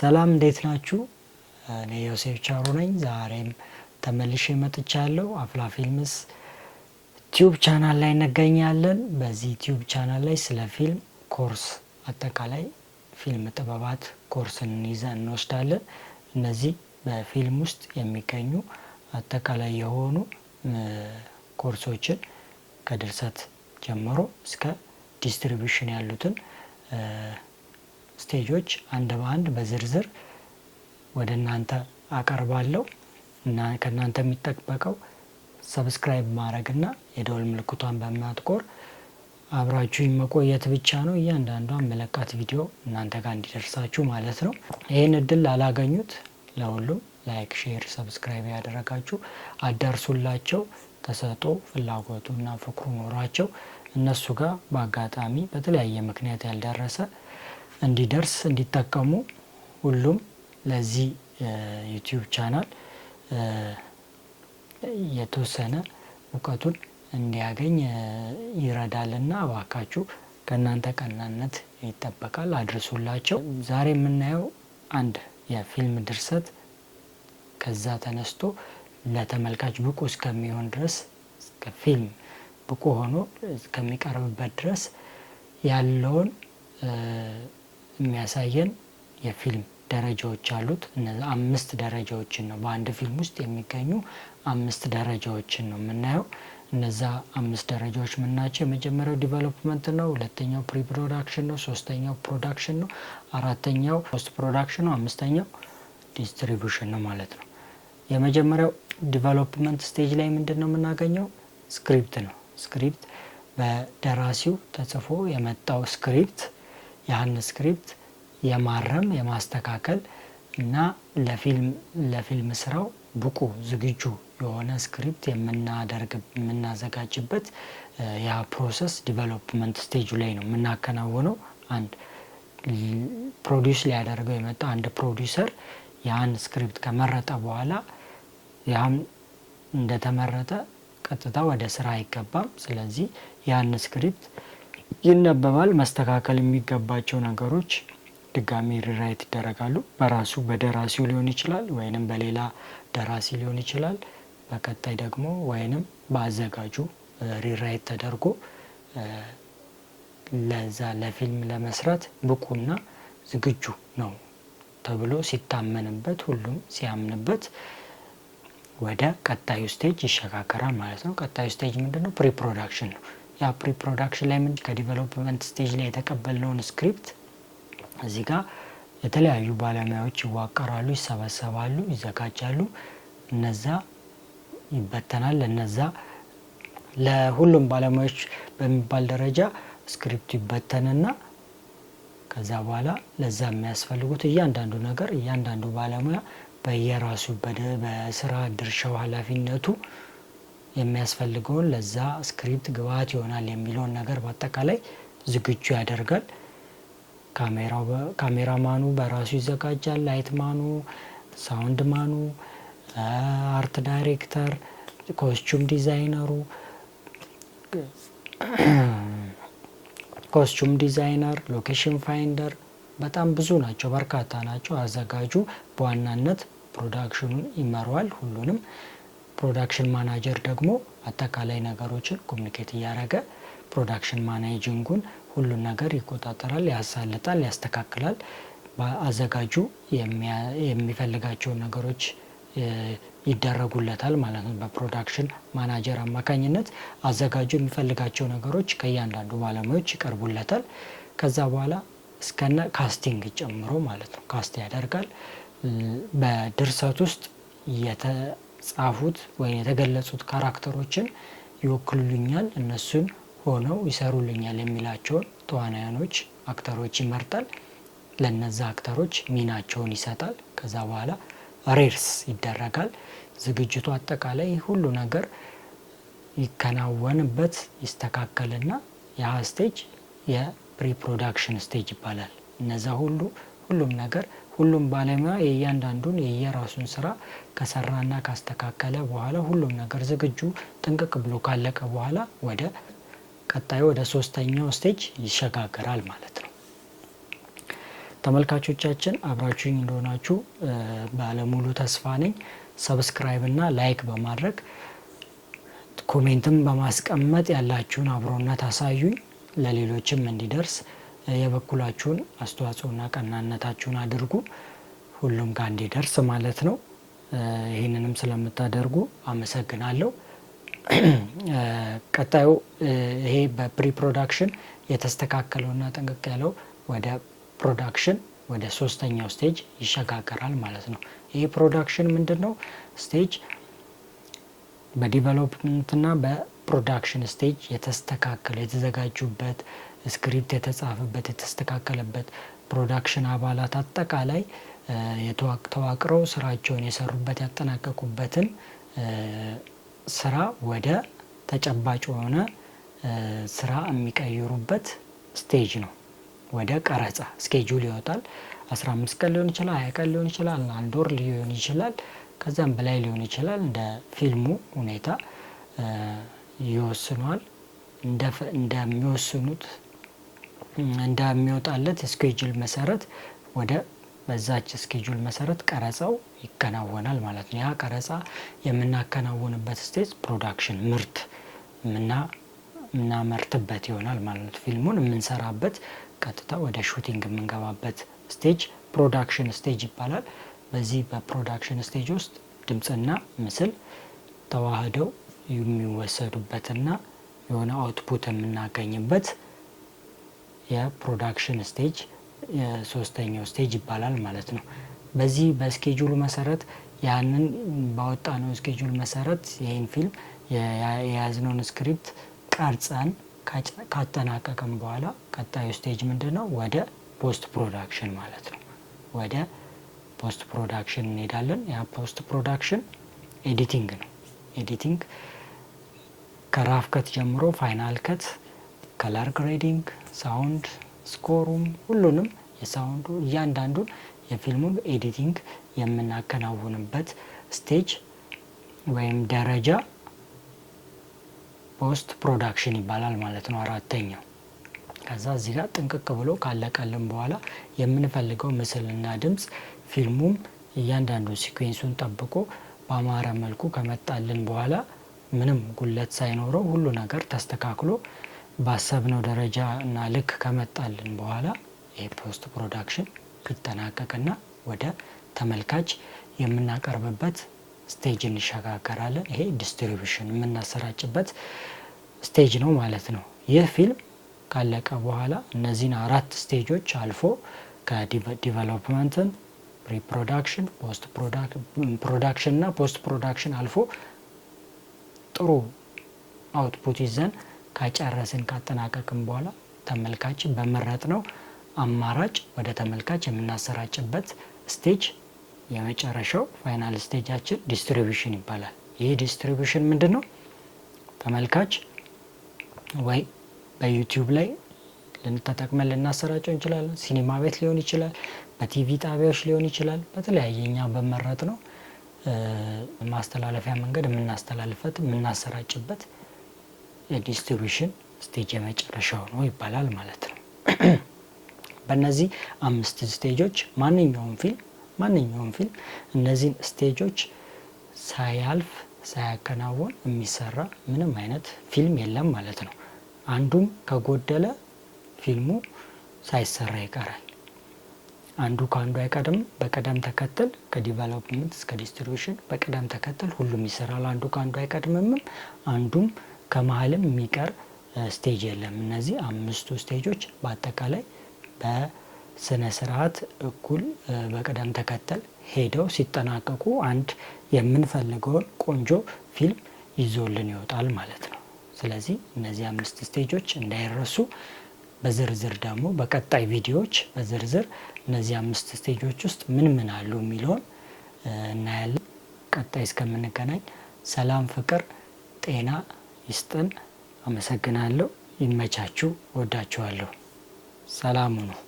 ሰላም እንዴት ናችሁ? እኔ ዮሴፍ ቻሩ ነኝ። ዛሬም ተመልሼ መጥቻለሁ። አፍላ ፊልምስ ቲዩብ ቻናል ላይ እንገኛለን። በዚህ ቲዩብ ቻናል ላይ ስለ ፊልም ኮርስ አጠቃላይ ፊልም ጥበባት ኮርስን ይዘን እንወስዳለን። እነዚህ በፊልም ውስጥ የሚገኙ አጠቃላይ የሆኑ ኮርሶችን ከድርሰት ጀምሮ እስከ ዲስትሪቢሽን ያሉትን ስቴጆች አንድ በአንድ በዝርዝር ወደ እናንተ አቀርባለሁ እና ከእናንተ የሚጠበቀው ሰብስክራይብ ማድረግና የደወል ምልክቷን በማጥቆር አብራችሁ መቆየት ብቻ ነው። እያንዳንዷ መለቃት ቪዲዮ እናንተ ጋር እንዲደርሳችሁ ማለት ነው። ይህን እድል ላላገኙት ለሁሉም ላይክ፣ ሼር፣ ሰብስክራይብ ያደረጋችሁ አዳርሱላቸው። ፍላጎቱ እና ፍቅሩ ኖሯቸው እነሱ ጋር በአጋጣሚ በተለያየ ምክንያት ያልደረሰ እንዲደርስ እንዲጠቀሙ ሁሉም ለዚህ ዩቲዩብ ቻናል የተወሰነ እውቀቱን እንዲያገኝ ይረዳልና እባካችሁ ከእናንተ ቀናነት ይጠበቃል፣ አድርሱላቸው። ዛሬ የምናየው አንድ የፊልም ድርሰት ከዛ ተነስቶ ለተመልካች ብቁ እስከሚሆን ድረስ ፊልም ብቁ ሆኖ እስከሚቀርብበት ድረስ ያለውን የሚያሳየን የፊልም ደረጃዎች አሉት። እነዚህ አምስት ደረጃዎችን ነው በአንድ ፊልም ውስጥ የሚገኙ አምስት ደረጃዎችን ነው የምናየው። እነዛ አምስት ደረጃዎች ምናቸው? የመጀመሪያው ዲቨሎፕመንት ነው። ሁለተኛው ፕሪ ፕሮዳክሽን ነው። ሶስተኛው ፕሮዳክሽን ነው። አራተኛው ፖስት ፕሮዳክሽን ነው። አምስተኛው ዲስትሪቢሽን ነው ማለት ነው። የመጀመሪያው ዲቨሎፕመንት ስቴጅ ላይ ምንድን ነው የምናገኘው? ስክሪፕት ነው። ስክሪፕት በደራሲው ተጽፎ የመጣው ስክሪፕት ያን ስክሪፕት የማረም የማስተካከል እና ለፊልም ለፊልም ስራው ብቁ ዝግጁ የሆነ ስክሪፕት የምናደርግ የምናዘጋጅበት ያ ፕሮሰስ ዲቨሎፕመንት ስቴጁ ላይ ነው የምናከናውነው። አንድ ፕሮዲስ ሊያደርገው የመጣ አንድ ፕሮዲውሰር ያን ስክሪፕት ከመረጠ በኋላ ያም እንደተመረጠ ቀጥታ ወደ ስራ አይገባም። ስለዚህ ያን ስክሪፕት ይነበባል። መስተካከል የሚገባቸው ነገሮች ድጋሚ ሪራይት ይደረጋሉ። በራሱ በደራሲው ሊሆን ይችላል ወይንም በሌላ ደራሲ ሊሆን ይችላል። በቀጣይ ደግሞ ወይንም በአዘጋጁ ሪራይት ተደርጎ ለዛ ለፊልም ለመስራት ብቁና ዝግጁ ነው ተብሎ ሲታመንበት፣ ሁሉም ሲያምንበት ወደ ቀጣዩ ስቴጅ ይሸጋገራል ማለት ነው። ቀጣዩ ስቴጅ ምንድን ነው? ፕሪፕሮዳክሽን ነው። የፕሪ ፕሮዳክሽን ላይ ምን ከዲቨሎፕመንት ስቴጅ ላይ የተቀበልነውን ስክሪፕት እዚህ ጋር የተለያዩ ባለሙያዎች ይዋቀራሉ፣ ይሰበሰባሉ፣ ይዘጋጃሉ። እነዛ ይበተናል። ለነዛ ለሁሉም ባለሙያዎች በሚባል ደረጃ ስክሪፕቱ ይበተንና ከዛ በኋላ ለዛ የሚያስፈልጉት እያንዳንዱ ነገር እያንዳንዱ ባለሙያ በየራሱ በስራ ድርሻው ኃላፊነቱ የሚያስፈልገውን ለዛ ስክሪፕት ግብአት ይሆናል የሚለውን ነገር በአጠቃላይ ዝግጁ ያደርጋል። ካሜራ ማኑ በራሱ ይዘጋጃል። ላይት ማኑ፣ ሳውንድ ማኑ፣ አርት ዳይሬክተር፣ ኮስቹም ዲዛይነሩ ኮስቹም ዲዛይነር፣ ሎኬሽን ፋይንደር በጣም ብዙ ናቸው፣ በርካታ ናቸው። አዘጋጁ በዋናነት ፕሮዳክሽኑን ይመራዋል ሁሉንም ፕሮዳክሽን ማናጀር ደግሞ አጠቃላይ ነገሮችን ኮሚኒኬት እያደረገ ፕሮዳክሽን ማናጅንጉን ሁሉን ነገር ይቆጣጠራል፣ ያሳልጣል፣ ያስተካክላል። አዘጋጁ የሚፈልጋቸውን ነገሮች ይደረጉለታል ማለት ነው። በፕሮዳክሽን ማናጀር አማካኝነት አዘጋጁ የሚፈልጋቸው ነገሮች ከእያንዳንዱ ባለሙያዎች ይቀርቡለታል። ከዛ በኋላ እስከነ ካስቲንግ ጨምሮ ማለት ነው ካስት ያደርጋል። በድርሰት ውስጥ የተጻፉት ወይም የተገለጹት ካራክተሮችን ይወክሉልኛል፣ እነሱን ሆነው ይሰሩልኛል የሚላቸውን ተዋናያኖች አክተሮች ይመርጣል። ለነዛ አክተሮች ሚናቸውን ይሰጣል። ከዛ በኋላ ሬርስ ይደረጋል። ዝግጅቱ አጠቃላይ ሁሉ ነገር ይከናወንበት ይስተካከልና ያ ስቴጅ የፕሪፕሮዳክሽን ስቴጅ ይባላል። እነዛ ሁሉ ሁሉም ነገር ሁሉም ባለሙያ የእያንዳንዱን የየራሱን ስራ ከሰራና ካስተካከለ በኋላ ሁሉም ነገር ዝግጁ ጥንቅቅ ብሎ ካለቀ በኋላ ወደ ቀጣዩ ወደ ሶስተኛው ስቴጅ ይሸጋገራል ማለት ነው። ተመልካቾቻችን አብራችሁኝ እንደሆናችሁ ባለሙሉ ተስፋ ነኝ። ሰብስክራይብ እና ላይክ በማድረግ ኮሜንትም በማስቀመጥ ያላችሁን አብሮነት አሳዩኝ፣ ለሌሎችም እንዲደርስ የበኩላችሁን አስተዋጽኦና ቀናነታችሁን አድርጉ፣ ሁሉም ጋር እንዲደርስ ማለት ነው። ይህንንም ስለምታደርጉ አመሰግናለሁ። ቀጣዩ ይሄ በፕሪ ፕሮዳክሽን የተስተካከለውና ጠንቅቅ ያለው ወደ ፕሮዳክሽን ወደ ሶስተኛው ስቴጅ ይሸጋገራል ማለት ነው። ይሄ ፕሮዳክሽን ምንድን ነው? ስቴጅ በዲቨሎፕመንትና በፕሮዳክሽን ስቴጅ የተስተካከለ የተዘጋጁበት ስክሪፕት የተጻፈበት የተስተካከለበት ፕሮዳክሽን አባላት አጠቃላይ ተዋቅረው ስራቸውን የሰሩበት ያጠናቀቁበትን ስራ ወደ ተጨባጭ የሆነ ስራ የሚቀይሩበት ስቴጅ ነው። ወደ ቀረጻ ስኬጁል ይወጣል። 15 ቀን ሊሆን ይችላል፣ 20 ቀን ሊሆን ይችላል፣ አንድ ወር ሊሆን ይችላል፣ ከዛም በላይ ሊሆን ይችላል። እንደ ፊልሙ ሁኔታ ይወስኗል እንደሚወስኑት እንደሚወጣለት ስኬጁል መሰረት ወደ በዛች ስኬጁል መሰረት ቀረጻው ይከናወናል ማለት ነው። ያ ቀረጻ የምናከናውንበት ስቴጅ ፕሮዳክሽን ምርት ምና የምናመርትበት ይሆናል ማለት ፊልሙን የምንሰራበት ቀጥታ ወደ ሹቲንግ የምንገባበት ስቴጅ ፕሮዳክሽን ስቴጅ ይባላል። በዚህ በፕሮዳክሽን ስቴጅ ውስጥ ድምፅና ምስል ተዋህደው የሚወሰዱበትና የሆነ አውትፑት የምናገኝበት የፕሮዳክሽን ስቴጅ ሶስተኛው ስቴጅ ይባላል ማለት ነው። በዚህ በስኬጁሉ መሰረት ያንን ነው ስኬጁል መሰረት ይህን ፊልም የያዝነውን ስክሪፕት ቀርጸን ካጠናቀቅም በኋላ ቀጣዩ ስቴጅ ምንድን ነው? ወደ ፖስት ፕሮዳክሽን ማለት ነው። ወደ ፖስት ፕሮዳክሽን እንሄዳለን። ያ ፖስት ፕሮዳክሽን ኤዲቲንግ ነው። ኤዲቲንግ ከራፍ ከት ጀምሮ ፋይናል ከት ከለር ግሬዲንግ፣ ሳውንድ ስኮሩም ሁሉንም የሳውንዱ እያንዳንዱን የፊልሙን ኤዲቲንግ የምናከናውንበት ስቴጅ ወይም ደረጃ ፖስት ፕሮዳክሽን ይባላል ማለት ነው። አራተኛው ከዛ እዚህ ጋር ጥንቅቅ ብሎ ካለቀልን በኋላ የምንፈልገው ምስልና ድምፅ ፊልሙም እያንዳንዱ ሲኩዌንሱን ጠብቆ በአማረ መልኩ ከመጣልን በኋላ ምንም ጉለት ሳይኖረው ሁሉ ነገር ተስተካክሎ ባሰብነው ደረጃ እና ልክ ከመጣልን በኋላ ይሄ ፖስት ፕሮዳክሽን ይጠናቀቅና ወደ ተመልካች የምናቀርብበት ስቴጅ እንሸጋገራለን። ይሄ ዲስትሪቢሽን የምናሰራጭበት ስቴጅ ነው ማለት ነው። ይህ ፊልም ካለቀ በኋላ እነዚህን አራት ስቴጆች አልፎ ከዲቨሎፕመንትን ፕሪፕሮዳክሽን፣ ፖስት ፕሮዳክሽን እና ፖስት ፕሮዳክሽን አልፎ ጥሩ አውትፑት ይዘን ከጨረስን ካጠናቀቅን በኋላ ተመልካች በመረጥ ነው አማራጭ ወደ ተመልካች የምናሰራጭበት ስቴጅ የመጨረሻው ፋይናል ስቴጃችን ዲስትሪቢሽን ይባላል። ይህ ዲስትሪቢሽን ምንድን ነው? ተመልካች ወይ በዩቲዩብ ላይ ልንተጠቅመን ልናሰራጨው እንችላለን። ሲኒማ ቤት ሊሆን ይችላል፣ በቲቪ ጣቢያዎች ሊሆን ይችላል። በተለያየ እኛ በመረጥ ነው ማስተላለፊያ መንገድ የምናስተላልፈት የምናሰራጭበት የዲስትሪቢሽን ስቴጅ የመጨረሻው ነው ይባላል ማለት ነው። በእነዚህ አምስት ስቴጆች ማንኛውም ፊልም ማንኛውም ፊልም እነዚህን ስቴጆች ሳያልፍ ሳያከናወን የሚሰራ ምንም አይነት ፊልም የለም ማለት ነው። አንዱም ከጎደለ ፊልሙ ሳይሰራ ይቀራል። አንዱ ከአንዱ አይቀድም። በቅደም ተከተል ከዲቨሎፕመንት እስከ ዲስትሪቢሽን በቅደም ተከተል ሁሉም ይሰራል። አንዱ ከአንዱ አይቀድምም። አንዱም ከመሀልም የሚቀር ስቴጅ የለም። እነዚህ አምስቱ ስቴጆች በአጠቃላይ በስነ ስርዓት እኩል በቅደም ተከተል ሄደው ሲጠናቀቁ አንድ የምንፈልገውን ቆንጆ ፊልም ይዞልን ይወጣል ማለት ነው። ስለዚህ እነዚህ አምስት ስቴጆች እንዳይረሱ በዝርዝር ደግሞ በቀጣይ ቪዲዮዎች በዝርዝር እነዚህ አምስት ስቴጆች ውስጥ ምን ምን አሉ የሚለውን እናያለን። ቀጣይ እስከምንገናኝ ሰላም፣ ፍቅር፣ ጤና ይስጠን። አመሰግናለሁ። ይመቻችሁ። ወዳችኋለሁ። ሰላሙ ነው።